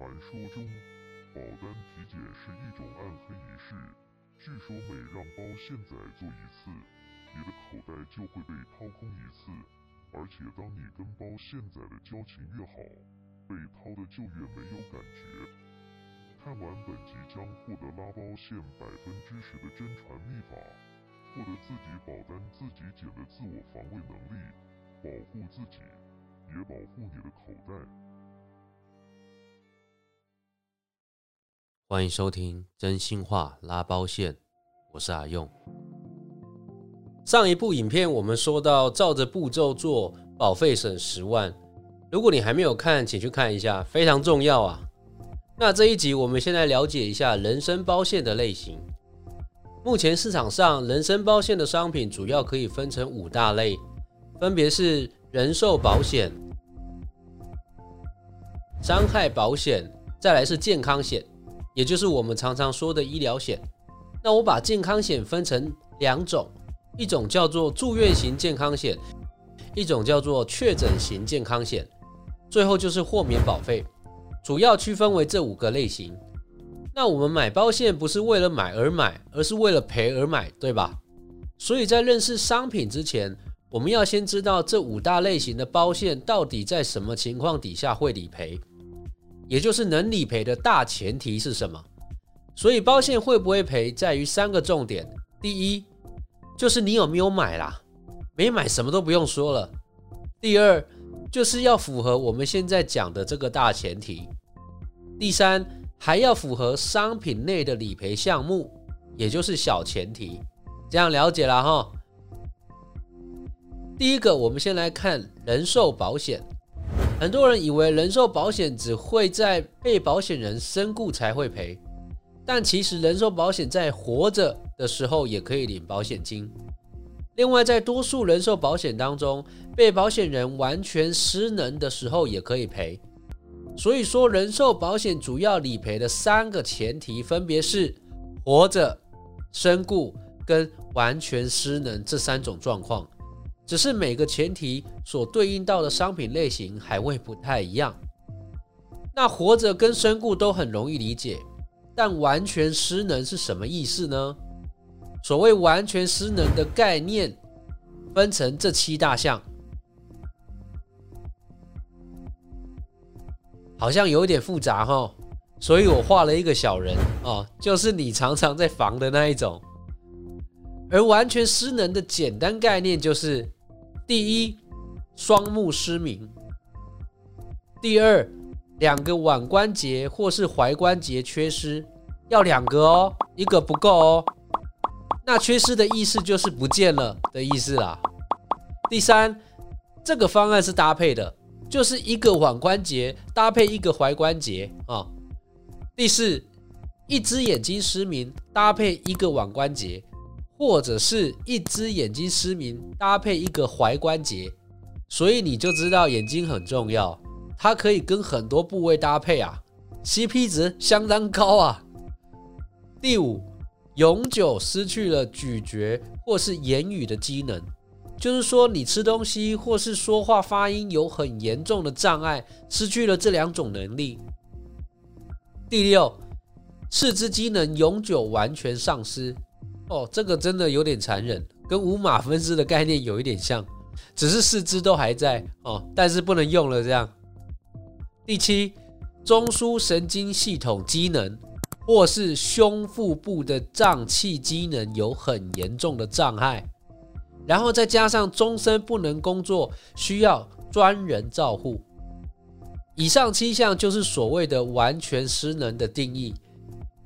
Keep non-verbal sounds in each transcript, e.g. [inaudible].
傳說中，保單體檢是一種暗黑儀式。據說每讓包餡仔做一次，你的口袋就會被掏空一次。而且當你跟包餡仔的交情越好，被掏的就越沒有感覺。看完本集將獲得拉包餡百分之十的真傳秘法，獲得自己保單自己檢的自我防衛能力，保護自己，也保護你的口袋。歡迎收聽真心話拉包餡，我是阿用。上一部影片我們說到照着步驟做，保費省十萬。如果你還沒有看，請去看一下，非常重要啊。那這一集我們先來了解一下人身保險的類型。目前市場上人身保險的商品主要可以分成五大類，分別是人壽保險、傷害保險，再來是健康險。也就是我們常常說的醫療險，那我把健康險分成兩種，一種叫做住院型健康險，一種叫做確診型健康險，最後就是豁免保費，主要區分為這五個類型。那我們買保險不是為了買而買，而是為了賠而買，對吧？所以在認識商品之前，我們要先知道這五大類型的保險到底在什麼情況底下會理賠。.也就是能理賠的大前提是什麼？所以保險會不會賠，在於三個重點：第一，就是你有沒有買啦，沒買什麼都不用說了；第二，就是要符合我們現在講的這個大前提；第三，還要符合商品內的理賠項目，也就是小前提。這樣了解了齁。第一個，我們先來看人壽保險。很多人以為人壽保險只會在被保險人身故才會賠，但其實人壽保險在活着的時候也可以領保險金。另外，在多數人壽保險當中，被保險人完全失能的時候也可以賠。所以說，人壽保險主要理賠的三個前提分別是活着、身故跟完全失能這三種狀況。只是每個前提所對應到的商品類型還會不太一樣。那活着跟身故都很容易理解，但完全失能是什麼意思呢？所謂完全失能的概念，分成這七大項，好像有點複雜哦，所以我畫了一個小人哦，就是你常常在防的那一種。而完全失能的簡單概念就是。第一，雙目失明。第二，兩個腕關節或是踝關節缺失，要兩個哦，一個不夠哦。那缺失的意思就是不見了的意思啦。第三，這個方案是搭配的，就是一個腕關節搭配一個踝關節啊、哦。第四，一隻眼睛失明搭配一個腕關節。或者是一隻眼睛失明，搭配一個踝關節，所以你就知道眼睛很重要，它可以跟很多部位搭配啊，CP 值相當高啊。第五，永久失去了咀嚼或是言語的機能，就是說你吃東西或是說話發音有很嚴重的障礙，失去了這兩種能力。第六，四肢機能永久完全喪失。哦，這個真的有點殘忍，跟五馬分屍的概念有一點像，只是四肢都還在哦，但是不能用了這樣。第七，中樞神經系統機能或是胸腹部的臟器機能有很嚴重的障礙，然後再加上終身不能工作，需要專人照護。以上七項就是所謂的完全失能的定義。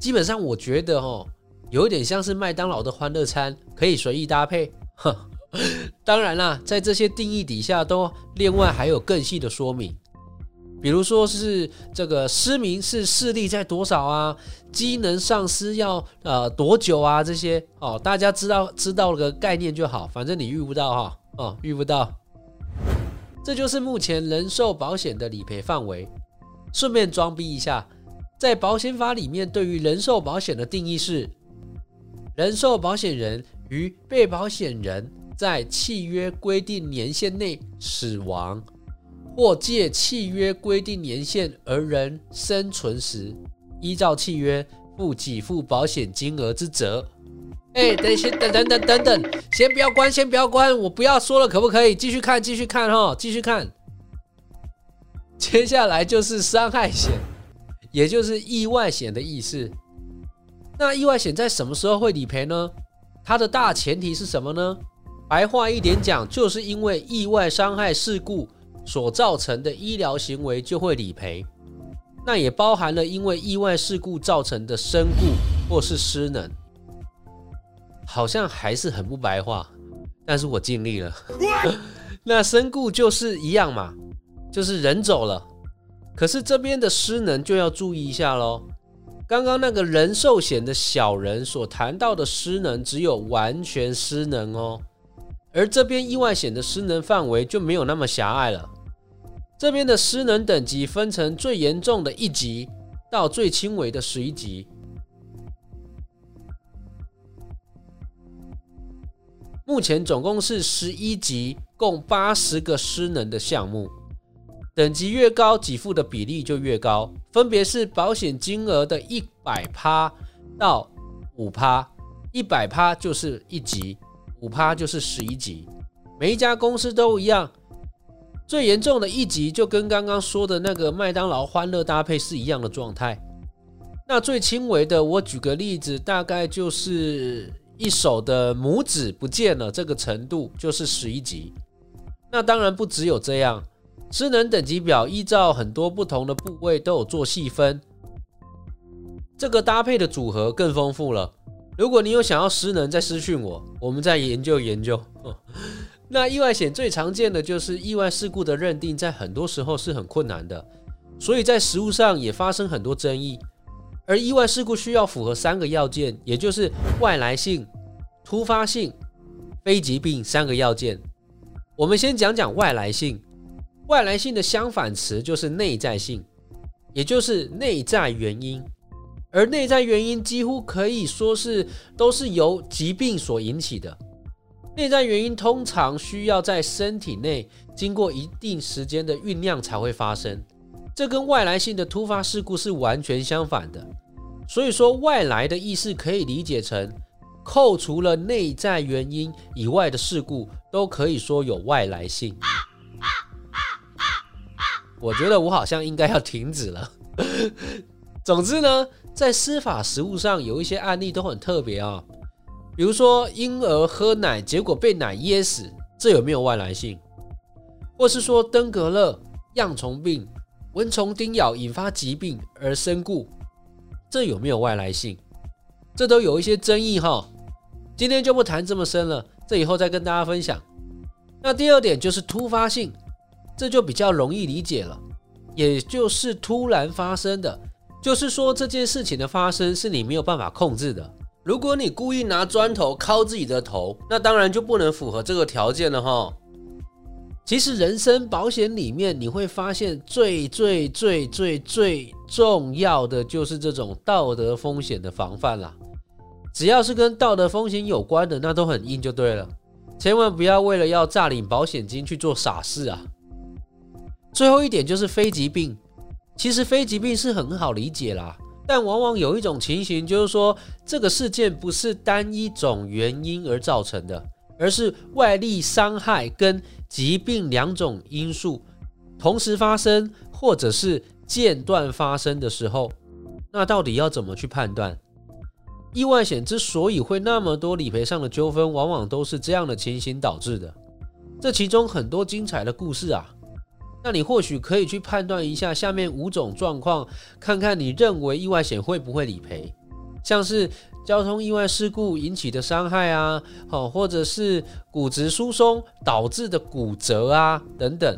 基本上，我覺得哦。有一點像是麥當勞的歡樂餐，可以隨意搭配。呵，當然啦，在這些定義底下，都另外還有更細的說明，比如說是這個失明是視力在多少啊，機能喪失要呃多久啊這些。哦，大家知道知道了個概念就好，反正你遇不到哈，啊，哦遇不到。這就是目前人壽保險的理賠範圍。順便裝逼一下，在保險法裡面，對於人壽保險的定義是。人壽保險人與被保險人在契約規定年限內死亡，或屆契約規定年限而人生存時，依照契約負給付保險金額之責。哎、欸，等一等，等等等等，先不要關，先不要關，我不要說了，可不可以？繼續看，繼續看哈，繼續看。接下來就是傷害險，也就是意外險的意思。那意外險在什麼時候會理賠呢？它的大前提是什麼呢？白話一點講，就是因為意外傷害事故所造成的醫療行為就會理賠。那也包含了因為意外事故造成的身故或是失能。好像還是很不白話，但是我盡力了。 [laughs] 那身故就是一樣嘛，就是人走了。可是這邊的失能就要注意一下嘍。剛剛那個人壽險的小人所談到的失能，只有完全失能哦，而這邊意外險的失能範圍就沒有那麼狹隘了。這邊的失能等級分成最嚴重的一級到最輕微的十一級，目前總共是十一級，共八十個失能的項目。等級越高，給付的比例就越高，分別是保險金額的一百趴到五趴，一百趴就是一級，五趴就是十一級。每一家公司都一樣，最嚴重的一級就跟剛剛說的那個麥當勞歡樂搭配是一樣的狀態。那最輕微的，我舉個例子，大概就是一手的拇指不見了這個程度，就是十一級。那當然不只有這樣。失能等級表依照很多不同的部位都有做細分，這個搭配的組合更豐富了。如果你有想要失能再私訊我，我們再研究研究。那意外險最常見的就是意外事故的認定，在很多時候是很困難的，所以在實務上也發生很多爭議。而意外事故需要符合三個要件，也就是外來性、突發性、非疾病三個要件。我們先講講外來性。外來性的相反詞就是內在性，也就是內在原因。而內在原因幾乎可以說是都是由疾病所引起的。內在原因通常需要在身體內經過一定時間的醞釀才會發生，這跟外來性的突發事故是完全相反的。所以說，外來的意思可以理解成，扣除了內在原因以外的事故，都可以說有外來性。我覺得我好像應該要停止了。 [laughs] 總之呢，在司法實務上有一些案例都很特別啊、哦，比如說嬰兒喝奶結果被奶噎死，這有沒有外來性？或是說登革熱、恙蟲病、蚊蟲叮咬引發疾病而身故，這有沒有外來性？這都有一些爭議哈、哦。今天就不談這麼深了，這以後再跟大家分享。那第二點就是突發性。這就比較容易理解了，也就是突然發生的，就是說這件事情的發生是你沒有辦法控制的。如果你故意拿磚頭敲自己的頭，那當然就不能符合這個條件了哈。其實人身保險裡面，你會發現最最最最最重要的就是這種道德風險的防範啦。只要是跟道德風險有關的，那都很硬就對了，千萬不要為了要詐領保險金去做傻事啊。最後一點就是非疾病，其實非疾病是很好理解啦，但往往有一種情形，就是說這個事件不是單一種原因而造成的，而是外力傷害跟疾病兩種因素同時發生，或者是間斷發生的時候，那到底要怎麼去判斷？意外險之所以會那麼多理賠上的糾紛，往往都是這樣的情形導致的，這其中很多精彩的故事啊。那你或許可以去判斷一下下面五種狀況，看看你認為意外險會不會理賠，像是交通意外事故引起的傷害啊，好，或者是骨質疏鬆導致的骨折啊等等。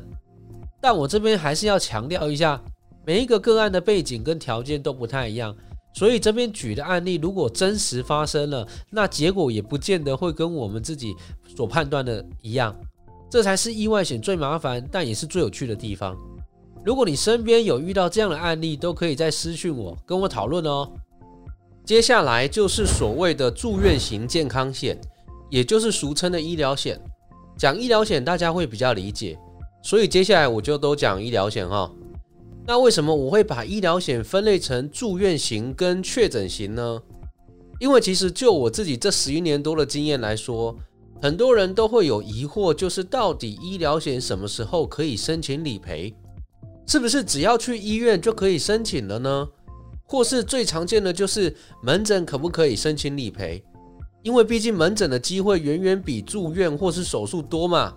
但我這邊還是要強調一下，每一個個案的背景跟條件都不太一樣，所以這邊舉的案例如果真實發生了，那結果也不見得會跟我們自己所判斷的一樣。這才是意外險最麻煩，但也是最有趣的地方。如果你身邊有遇到這樣的案例，都可以在私訊我，跟我討論哦。接下來就是所謂的住院型健康險，也就是俗稱的醫療險。講醫療險，大家會比較理解，所以接下來我就都講醫療險哈、哦。那為什麼我會把醫療險分類成住院型跟確診型呢？因為其實就我自己這十一年多的經驗來說。很多人都會有疑惑，就是到底醫療險什麼時候可以申請理賠？是不是只要去醫院就可以申請了呢？或是最常見的就是門診可不可以申請理賠？因為畢竟門診的機會遠遠比住院或是手術多嘛。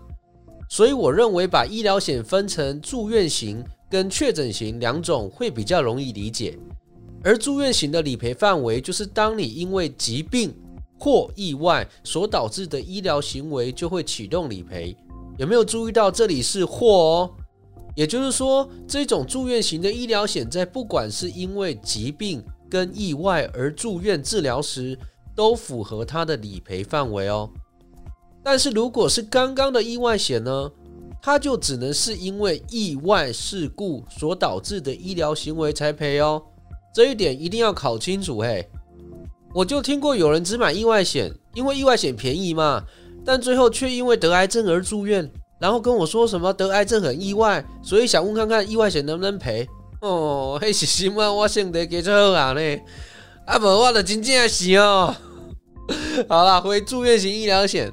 所以我認為把醫療險分成住院型跟確診型兩種會比較容易理解。而住院型的理賠範圍就是當你因為疾病，或意外所導致的醫療行為就會啟動理賠，有沒有注意到這裡是“或”哦？也就是說，這種住院型的醫療險，在不管是因為疾病跟意外而住院治療時，都符合它的理賠範圍哦。但是如果是剛剛的意外險呢，它就只能是因為意外事故所導致的醫療行為才賠哦。這一點一定要搞清楚嘿。我就聽過有人只買意外險，因為意外險便宜嘛，但最後卻因為得癌症而住院，然後跟我說什麼得癌症很意外，所以想問看看意外險能不能賠。哦，嘿是什麼？我姓的叫做好人啊不，我了真正是哦。 [laughs] 好啦，回住院型醫療險，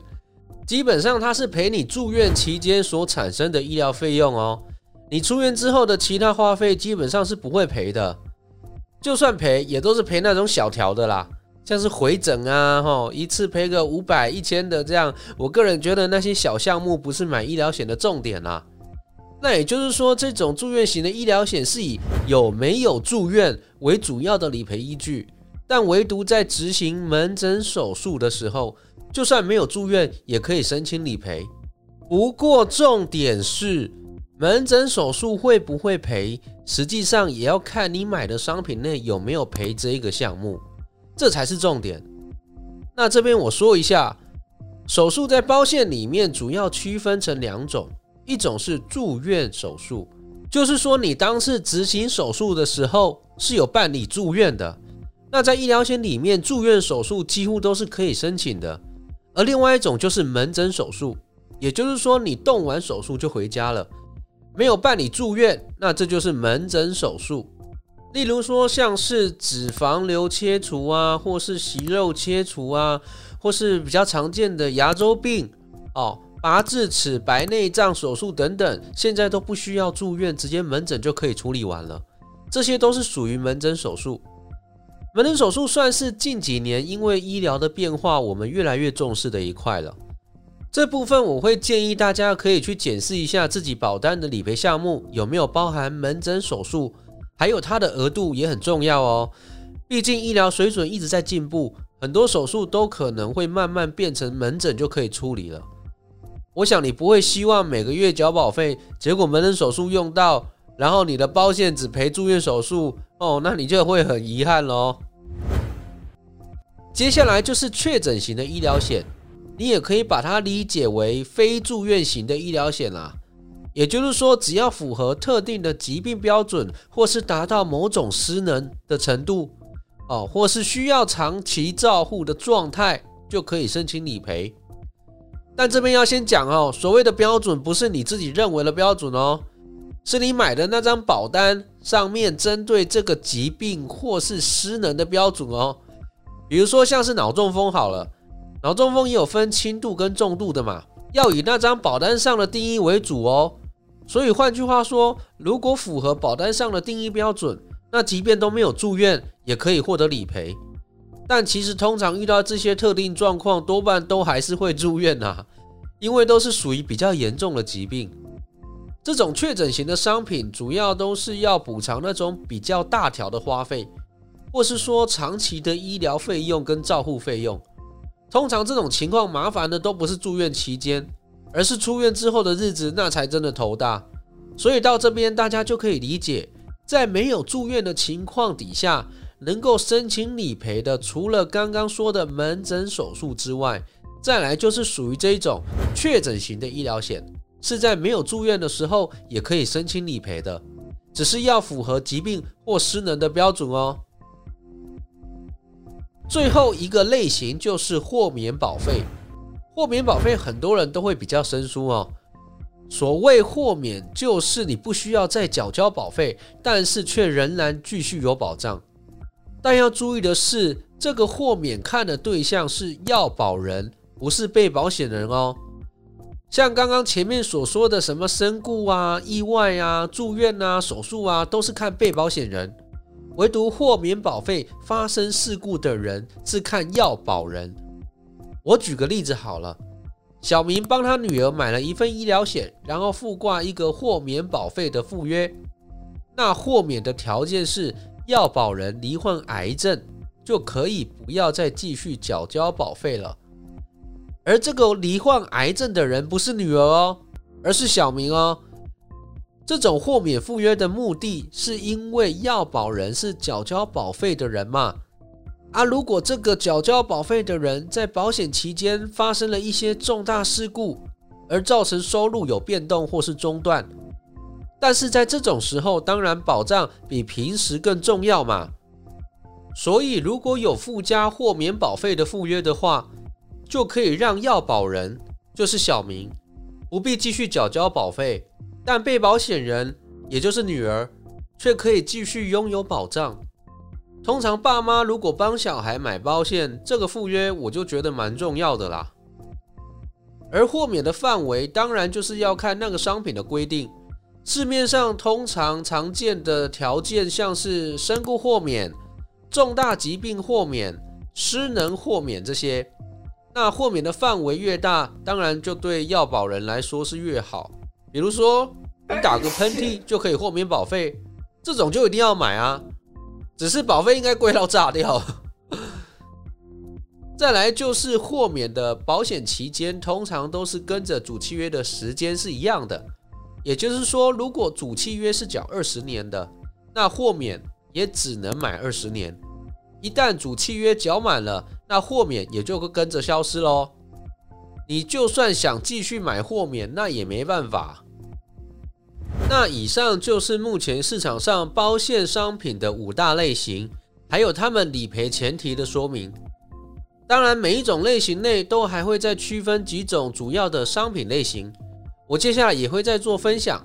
基本上它是賠你住院期間所產生的醫療費用哦，你出院之後的其他花費基本上是不會賠的，就算賠也都是賠那種小條的啦。像是回診啊，齁，一次賠個五百一千的這樣，我個人覺得那些小項目不是買醫療險的重點啦、啊。那也就是說，這種住院型的醫療險是以有沒有住院為主要的理賠依據，但唯獨在執行門診手術的時候，就算沒有住院也可以申請理賠。不過重點是，門診手術會不會賠？實際上也要看你買的商品內有沒有賠這個項目。這才是重點。那這邊我說一下，手術在保險裡面主要區分成兩種，一種是住院手術，就是說你當時執行手術的時候是有辦理住院的。那在醫療險裡面，住院手術幾乎都是可以申請的。而另外一種就是門診手術，也就是說你動完手術就回家了，沒有辦理住院，那這就是門診手術。例如說，像是脂肪瘤切除啊，或是息肉切除啊，或是比較常見的牙周病哦，拔智齒、白內障手術等等，現在都不需要住院，直接門診就可以處理完了。這些都是屬於門診手術。門診手術算是近幾年因為醫療的變化，我們越來越重視的一塊了。這部分我會建議大家可以去檢視一下自己保單的理賠項目有沒有包含門診手術。還有它的額度也很重要哦，畢竟醫療水準一直在進步，很多手術都可能會慢慢變成門診就可以處理了。我想你不會希望每個月繳保費，結果門診手術用到，然後你的保險只賠住院手術哦，那你就會很遺憾嘍。接下來就是確診型的醫療險，你也可以把它理解為非住院型的醫療險啦。也就是說，只要符合特定的疾病標準，或是達到某種失能的程度，哦，或是需要長期照護的狀態，就可以申請理賠。但這邊要先講哦，所謂的標準不是你自己認為的標準哦，是你買的那張保單上面針對這個疾病或是失能的標準哦。比如說像是腦中風好了，腦中風也有分輕度跟重度的嘛，要以那張保單上的定義為主哦。所以換句話說，如果符合保單上的定義標準，那即便都沒有住院，也可以獲得理賠。但其實通常遇到這些特定狀況，多半都還是會住院啊，因為都是屬於比較嚴重的疾病。這種確診型的商品，主要都是要補償那種比較大條的花費，或是說長期的醫療費用跟照護費用。通常這種情況麻煩的都不是住院期間。而是出院之後的日子，那才真的頭大。所以到這邊大家就可以理解，在沒有住院的情況底下，能夠申請理賠的，除了剛剛說的門診手術之外，再來就是屬於這種確診型的醫療險，是在沒有住院的時候也可以申請理賠的，只是要符合疾病或失能的標準哦。最後一個類型就是豁免保費。豁免保費很多人都會比較生疏哦。所謂豁免，就是你不需要再繳交保費，但是卻仍然繼續有保障。但要注意的是，這個豁免看的對象是要保人，不是被保險人哦。像剛剛前面所說的什麼身故啊、意外啊、住院啊、手術啊，都是看被保險人，唯獨豁免保費發生事故的人是看要保人。我舉個例子好了，小明幫他女兒買了一份醫療險，然後附掛一個豁免保費的附約。那豁免的條件是要保人罹患癌症，就可以不要再繼續繳交保費了。而這個罹患癌症的人不是女兒哦，而是小明哦。這種豁免附約的目的是因為要保人是繳交保費的人嘛。而、啊、如果這個繳交保費的人在保險期間發生了一些重大事故，而造成收入有變動或是中斷，但是在這種時候，當然保障比平時更重要嘛。所以如果有附加豁免保費的附約的話，就可以讓要保人，就是小明，不必繼續繳交保費，但被保險人，也就是女兒，卻可以繼續擁有保障。通常爸媽如果幫小孩買保險，這個附約我就覺得蠻重要的啦。而豁免的範圍當然就是要看那個商品的規定，市面上通常常見的條件像是身故豁免、重大疾病豁免、失能豁免這些。那豁免的範圍越大，當然就對要保人來說是越好。比如說你打個噴嚏就可以豁免保費，這種就一定要買啊。只是保費應該貴到炸掉。 [laughs] 再來就是豁免的保險期間，通常都是跟着主契約的時間是一樣的。也就是說，如果主契約是繳二十年的，那豁免也只能買二十年。一旦主契約繳滿了，那豁免也就跟着消失嘍。你就算想繼續買豁免，那也沒辦法。那以上就是目前市場上保險商品的五大類型，還有他們理賠前提的說明。當然，每一種類型內都還會再區分幾種主要的商品類型，我接下來也會再做分享。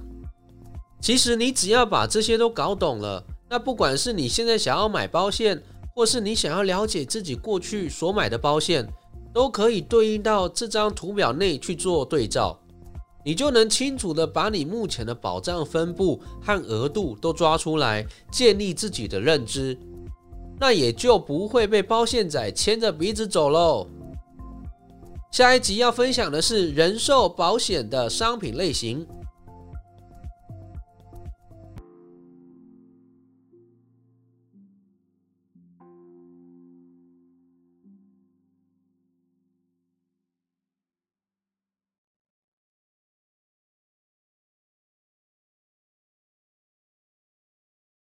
其實你只要把這些都搞懂了，那不管是你現在想要買保險，或是你想要了解自己過去所買的保險，都可以對應到這張圖表內去做對照。你就能清楚地把你目前的保障分布和額度都抓出來，建立自己的認知，那也就不會被包餡仔牽着鼻子走嘍。下一集要分享的是人壽保險的商品類型。